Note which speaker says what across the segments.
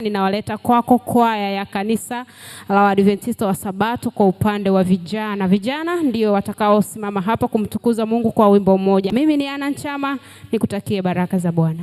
Speaker 1: Ninawaleta kwako kwaya ya kanisa la Waadventista wa Sabato kwa upande wa vijana. Vijana ndio watakaosimama hapa kumtukuza Mungu kwa wimbo mmoja. Mimi ni Ana Nchama, nikutakie baraka za Bwana.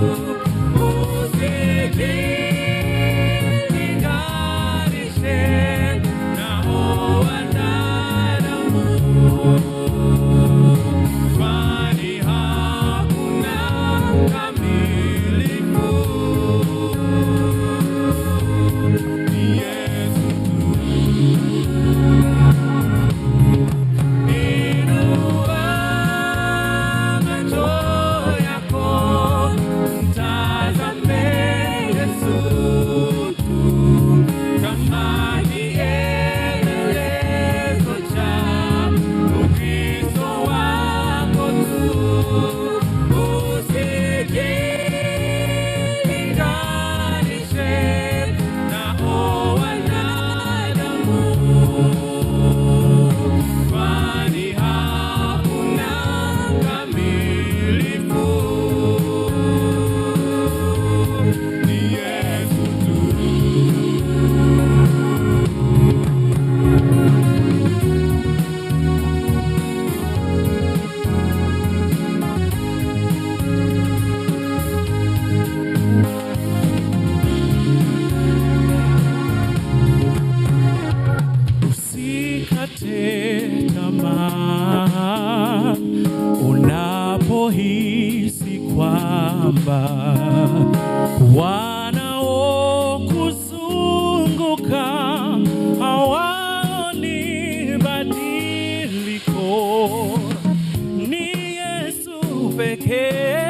Speaker 2: Thank you. kwamba wanaokuzunguka hawaoni badiliko, ni Yesu pekee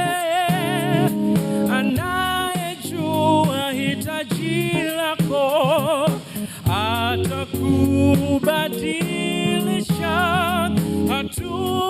Speaker 2: anayejua hitaji lako, atakubadilisha hatua